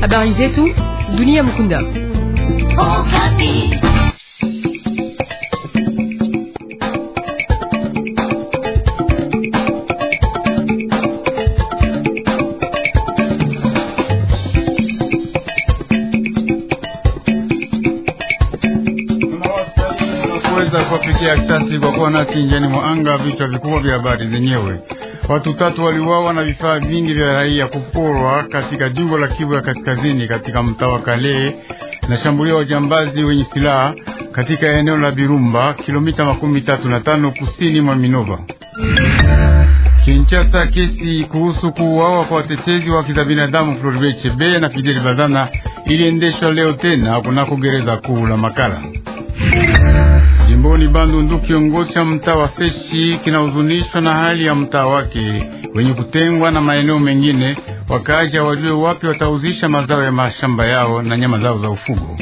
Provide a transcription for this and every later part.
Habari zetu dunia Mukunda. Tunaweza kuwapikia asante kwa kuwa nasi njiani mwa anga, vichwa vikubwa vya habari zenyewe Watu tatu waliuawa na vifaa vingi vya raia kuporwa katika jimbo la Kivu ya Kaskazini, katika mtaa wa Kale na shambulio jambazi wenye silaha katika eneo la Birumba, kilomita makumi tatu na tano kusini mwa Minova. Kinshasa, kesi kuhusu kuuawa kwa watetezi wa haki za binadamu Floribert Chebeya na Fidel Bazana iliendeshwa leo tena kunako gereza kuu la Makala. Jimboni Bandundu, kiongozi cha mtaa wa Feshi kinahuzunishwa na hali ya mtaa wake wenye kutengwa na maeneo mengine. wakaja hawajue wapi watauzisha mazao ya mashamba yao na nyama zao za ufugo.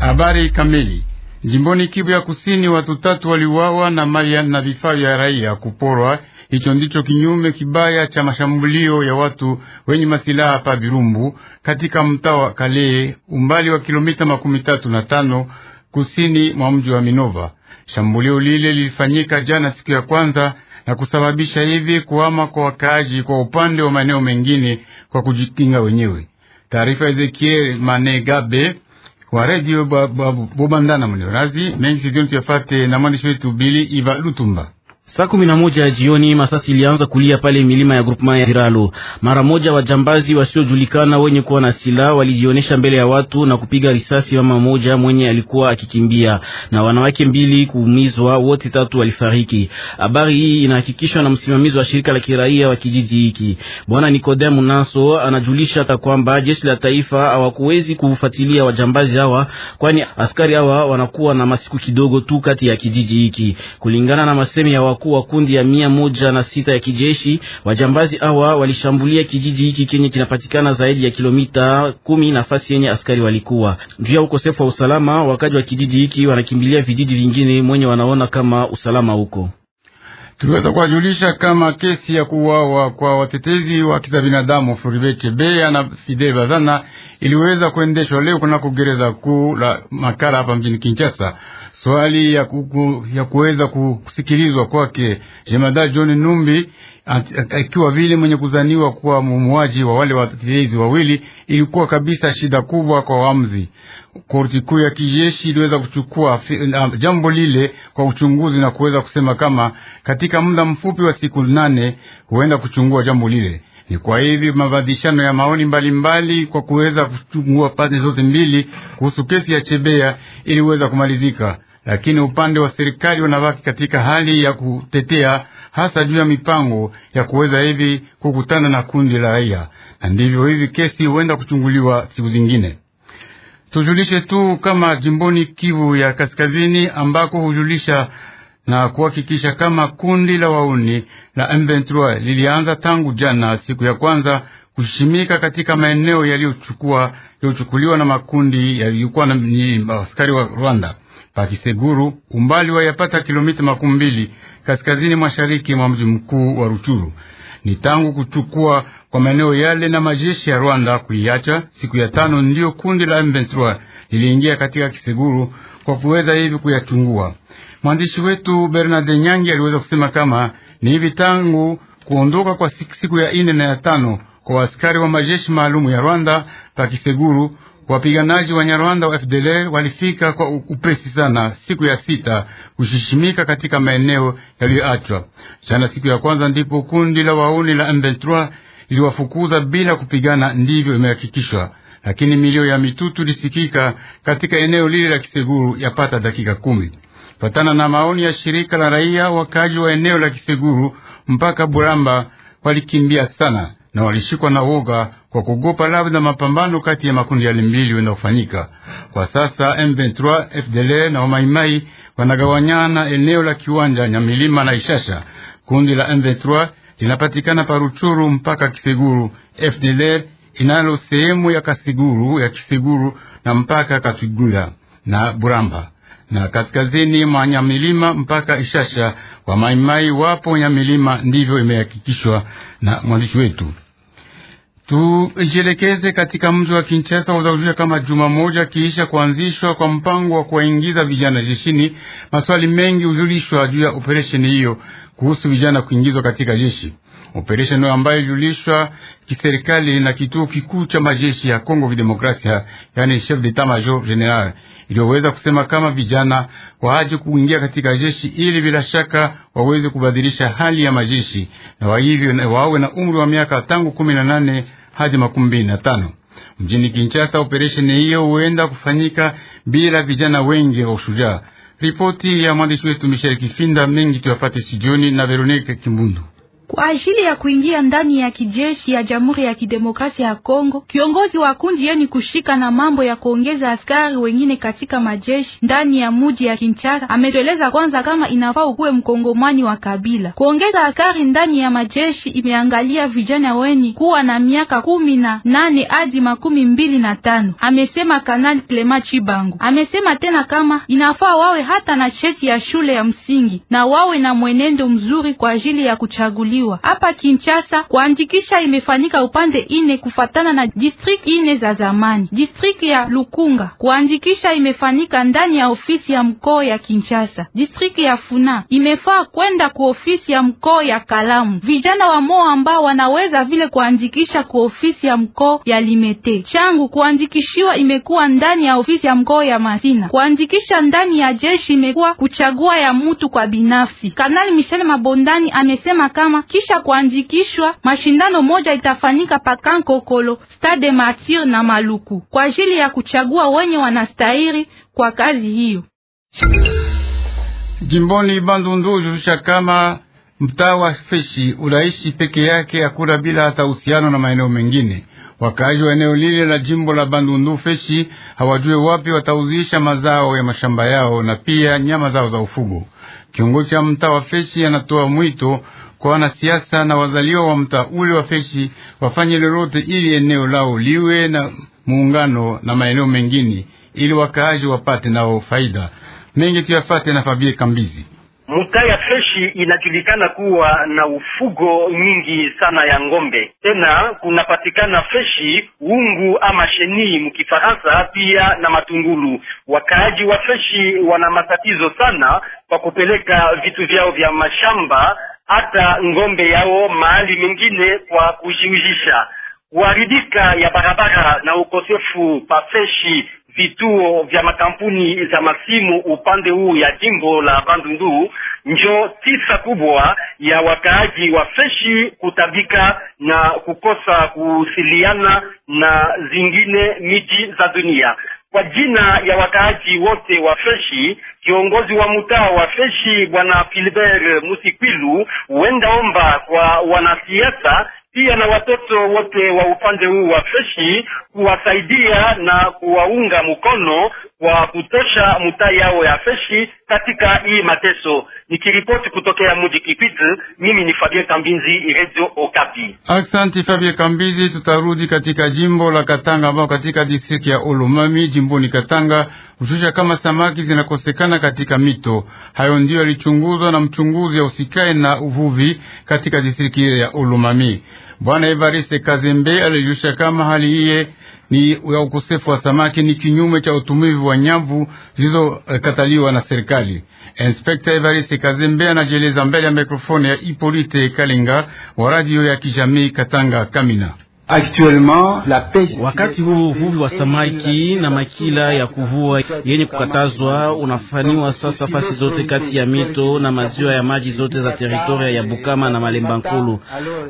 Habari kamili jimboni Kivu ya Kusini, watu tatu waliuawa na mali na vifaa vya raia kuporwa Hicho ndicho kinyume kibaya cha mashambulio ya watu wenye masilaha pa Birumbu katika mtaa wa Kalee, umbali wa kilomita makumi tatu na tano kusini mwa mji wa Minova. Shambulio lile lilifanyika jana siku ya kwanza na kusababisha hivi kuhama kwa wakaaji kwa upande wa maeneo mengine kwa kujikinga wenyewe. Taarifa ya Ezekiel Manegabe wa redio Bobandana Muniorazi mengi sidontu yafate na mwandishi wetu Bili Iva Lutumba. Saa kumi na moja ya jioni masasi ilianza kulia pale milima ya grupema ya Viralo. Mara moja wajambazi wasiojulikana wenye kuwa na silaha walijionyesha mbele ya watu na kupiga risasi mama moja mwenye alikuwa akikimbia na wanawake mbili kuumizwa, wote tatu walifariki. Habari hii inahakikishwa na msimamizi wa shirika la kiraia wa kijiji hiki Bwana Nikodemu Naso. Anajulisha hata kwamba jeshi la taifa hawakuwezi kufuatilia wajambazi hawa, kwani askari hawa wanakuwa na masiku kidogo tu kati ya kijiji hiki, kulingana na masemi ya wakuu wa kundi ya mia moja na sita ya kijeshi. Wajambazi hawa walishambulia kijiji hiki kenye kinapatikana zaidi ya kilomita kumi nafasi yenye askari walikuwa. Juu ya ukosefu wa usalama, wakaji wa kijiji hiki wanakimbilia vijiji vingine mwenye wanaona kama usalama huko. Tuliweza kuwajulisha kama kesi ya kuuawa kwa watetezi wa haki za binadamu Floribert Chebeya na Fidel Bazana iliweza kuendeshwa leo kunako gereza kuu la Makala hapa mjini Kinshasa swali ya, kuku, ya kuweza kusikilizwa kwake Jemada John Numbi akiwa vile mwenye kuzaniwa kuwa muuaji wa wale watetezi wawili ilikuwa kabisa shida kubwa kwa wamzi. Korti kuu ya kijeshi iliweza kuchukua jambo lile kwa uchunguzi na kuweza kusema kama katika muda mfupi wa siku nane huenda kuchungua jambo lile. Ni kwa hivi mabadilishano ya maoni mbalimbali mbali kwa kuweza kuchungua pande zote mbili kuhusu kesi ya Chebea ili uweza kumalizika, lakini upande wa serikali wanabaki katika hali ya kutetea hasa juu ya mipango ya kuweza hivi kukutana na kundi la raia, na ndivyo hivi kesi huenda kuchunguliwa siku zingine. Tujulishe tu kama jimboni Kivu ya Kaskazini ambako hujulisha na kuhakikisha kama kundi la wauni la M23 lilianza tangu jana siku ya kwanza kushimika katika maeneo yaliyochukua yaliyochukuliwa na makundi yaliyokuwa ni askari wa Rwanda Pakiseguru, umbali wa yapata kilomita makumi mbili kaskazini mashariki mwa mji mkuu wa Ruchuru. Ni tangu kuchukua kwa maeneo yale na majeshi ya Rwanda kuiacha siku ya tano, ndiyo kundi la M23 liliingia katika Kiseguru kwa kuweza hivi kuyachungua Mwandishi wetu Bernard Nyangi aliweza kusema kama ni hivi tangu kuondoka kwa siku ya ine na ya tano kwa askari wa majeshi maalumu ya Rwanda Pakiseguru, wapiganaji wa Nyarwanda wa FDLR walifika kwa upesi sana siku ya sita kushishimika katika maeneo yaliyoachwa jana. Siku ya kwanza ndipo kundi la wauni la M23 liliwafukuza bila kupigana, ndivyo imehakikishwa, lakini milio ya mitutu lisikika katika eneo lile la Kiseguru yapata dakika kumi. Fatana na maoni ya shirika la raia, wakaji wa eneo la Kiseguru mpaka Buramba walikimbia sana na walishikwa na woga kwa kugopa labda mapambano kati ya makundi yale mbili yanayofanyika kwa sasa. M23 FDLR na wamaimai wanagawanyana eneo la kiwanja Nyamilima na Ishasha. Kundi la M23 linapatikana paruchuru mpaka Kiseguru, FDLR inalo sehemu ya Kasiguru ya Kiseguru na mpaka Katigura na Buramba na kaskazini mwa Nyamilima mpaka Ishasha kwa Maimai wapo Nyamilima, ndivyo imehakikishwa na mwandishi wetu. Tujielekeze katika mji wa Kinshasa uzaujusha kama juma moja kiisha kuanzishwa kwa mpango wa kuwaingiza vijana jeshini. Maswali mengi hujulishwa juu ya operesheni hiyo kuhusu vijana kuingizwa katika jeshi operesheni ambayo ilijulishwa kiserikali na kituo kikuu cha majeshi ya Kongo Kidemokrasia, yani chef d'etat major general, iliyoweza kusema kama vijana waaje kuingia katika jeshi ili bila shaka waweze kubadilisha hali ya majeshi na wa hivyo wawe na umri wa miaka tangu 18 hadi makumi na tano. Mjini Kinshasa, operesheni hiyo huenda kufanyika bila vijana wengi wa ushujaa. Ripoti ya mwandishi wetu Michel Kifinda. Mengi tuyafate sijoni na Veronique Kimbundu kwa ajili ya kuingia ndani ya kijeshi ya Jamhuri ya Kidemokrasia ya Kongo. Kiongozi wa kundi yeni kushika na mambo ya kuongeza askari wengine katika majeshi ndani ya muji ya Kinshasa ametueleza kwanza kama inafaa ukuwe mkongomani wa kabila. Kuongeza askari ndani ya majeshi imeangalia vijana weni kuwa na miaka kumi na nane hadi makumi mbili na tano, amesema Kanali klema chibango Amesema tena kama inafaa wawe hata na cheti ya shule ya msingi na wawe na mwenendo mzuri kwa ajili ya kuchaguliwa kuandaliwa hapa Kinshasa. Kuandikisha imefanyika upande ine kufatana na district ine za zamani. District ya Lukunga, kuandikisha imefanyika ndani ya ofisi ya mkoa ya Kinshasa. District ya Funa imefaa kwenda ku ofisi ya mkoa ya Kalamu. Vijana wa moa ambao wanaweza vile kuandikisha ku ofisi ya mkoa ya Limete. Changu kuandikishiwa imekuwa ndani ya ofisi ya mkoa ya Masina. Kuandikisha ndani ya jeshi imekuwa kuchagua ya mtu kwa binafsi. Kanali Michel Mabondani amesema kama kisha kuandikishwa, mashindano moja itafanyika Pakankokolo, Stade matir na Maluku kwa ajili ya kuchagua wenye wanastahili kwa kazi hiyo. Jimboni Bandundu hujulisha kama mtaa wa Feshi unaishi peke yake, akula bila hata uhusiano na maeneo mengine. Wakaaji wa eneo lile la jimbo la Bandundu Feshi hawajue wapi watauzisha mazao ya mashamba yao na pia nyama zao za ufugo. Kiongozi cha mtaa wa Feshi anatoa mwito kwa wanasiasa na wazaliwa wa mtaa ule wa Feshi wafanye lolote ili eneo lao liwe na muungano na maeneo mengine ili wakaaji wapate nao faida mengi. Tuyafate na Fabie Kambizi. Mtaa ya Feshi inajulikana kuwa na ufugo nyingi sana ya ng'ombe. Tena kunapatikana Feshi ungu ama sheni mkifaransa, pia na matungulu. Wakaaji wa Feshi wana matatizo sana kwa kupeleka vitu vyao vya mashamba hata ng'ombe yao mahali mengine kwa kujiuzisha. Kuharibika ya barabara na ukosefu pafeshi vituo vya makampuni za masimu upande huu ya jimbo la Bandundu njo tisa kubwa ya wakaaji wa Feshi kutabika na kukosa kusiliana na zingine miji za dunia. Kwa jina ya wakaaji wote wa Feshi, kiongozi wa mtaa wa Feshi Bwana Filibert Musikwilu huenda omba kwa wanasiasa pia na watoto wote wa upande huu wa Feshi kuwasaidia na kuwaunga mkono wa kutosha mtaa yao ya Feshi katika hii mateso. Nikiripoti kutokea mji Kikwit, mimi ni Fabien Kambinzi, Radio Okapi. Asante Fabien Kambinzi. Tutarudi katika jimbo la Katanga ambao katika distrikti ya Olomami jimboni Katanga kushusha kama samaki zinakosekana katika mito. Hayo ndiyo yalichunguzwa na mchunguzi ya usikae na uvuvi katika distrikti ya Olomami, Bwana Evariste Kazembe alijusha kama hali hiye ni ya ukosefu wa samaki ni kinyume cha utumivu wa nyavu zilizokataliwa na serikali. Inspekta Evariste Kazembe anajieleza mbele ya mikrofoni ya Ipolite Kalinga wa radio ya kijamii Katanga Kamina. Wakati huu uvuvi wa samaki na makila ya kuvua yenye kukatazwa unafaniwa sasa fasi zote kati ya mito na maziwa ya maji zote za teritoria ya Bukama na Malemba Nkulu.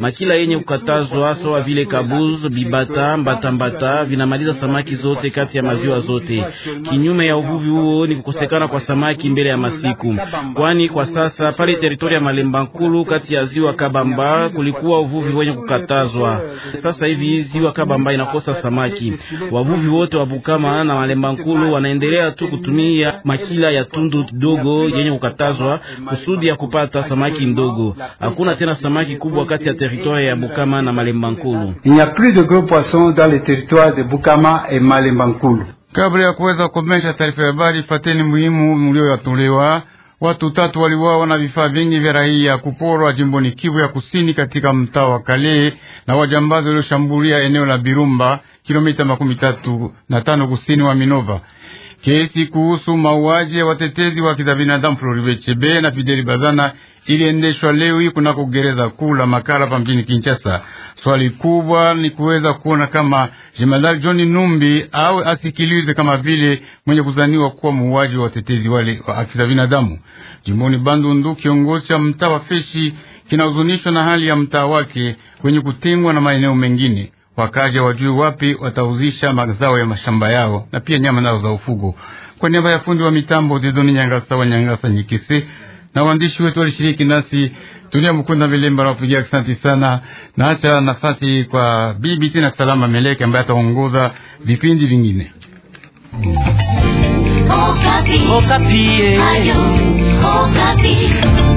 Makila yenye kukatazwa sawa vile Kabuz, Bibata, Mbatambata vinamaliza samaki zote kati ya maziwa zote. Kinyume ya uvuvi huo ni kukosekana kwa samaki mbele ya masiku, kwani kwa sasa pale teritoria ya Malemba Nkulu kati ya ziwa Kabamba kulikuwa uvuvi wenye kukatazwa sasa hivi ziwa Kabamba inakosa samaki. Wavuvi wote wa Bukama na Malemba Nkulu wanaendelea tu kutumia makila ya tundu dogo yenye kukatazwa kusudi ya kupata samaki ndogo. Hakuna tena samaki kubwa kati ya teritoria ya Bukama na Malemba Nkulu. Il n'y a plus de gros poissons dans les territoires de Bukama et Malemba Nkulu. Kabla ya kuweza kukomesha taarifa ya habari, fateni muhimu mlioyatolewa. Watu tatu waliuawa na vifaa vingi vya raia kuporwa jimboni Kivu ya Kusini, katika mtaa wa Kale na wajambazi walioshambulia eneo la Birumba, kilomita makumi tatu na tano kusini wa Minova. Kesi kuhusu mauaji ya watetezi wa haki za binadamu Floribe Chebe na Fideli Bazana iliendeshwa leo hii kunako gereza kuu la Makala pa mjini Kinshasa. Swali kubwa ni kuweza kuona kama jemadari John Numbi awe asikilizwe kama vile mwenye kuzaniwa kuwa muuaji wa watetezi wale wa haki za binadamu jimboni Bandundu. Kiongozi cha mtaa wa Feshi kinahuzunishwa na hali ya mtaa wake kwenye kutengwa na maeneo mengine wakaja wajui wapi watauzisha mazao ya mashamba yao na pia nyama nazo za ufugo. Kwa niaba ya fundi wa mitambo Didoni Nyangasa wa Nyangasa Nyikisi na waandishi wetu walishiriki nasi, Tulia Mkunda Vilemba nawapigia asante sana, na nafasi kwa bibi tina Salama Meleke ambaye ataongoza vipindi vingine Okapi. Okapi.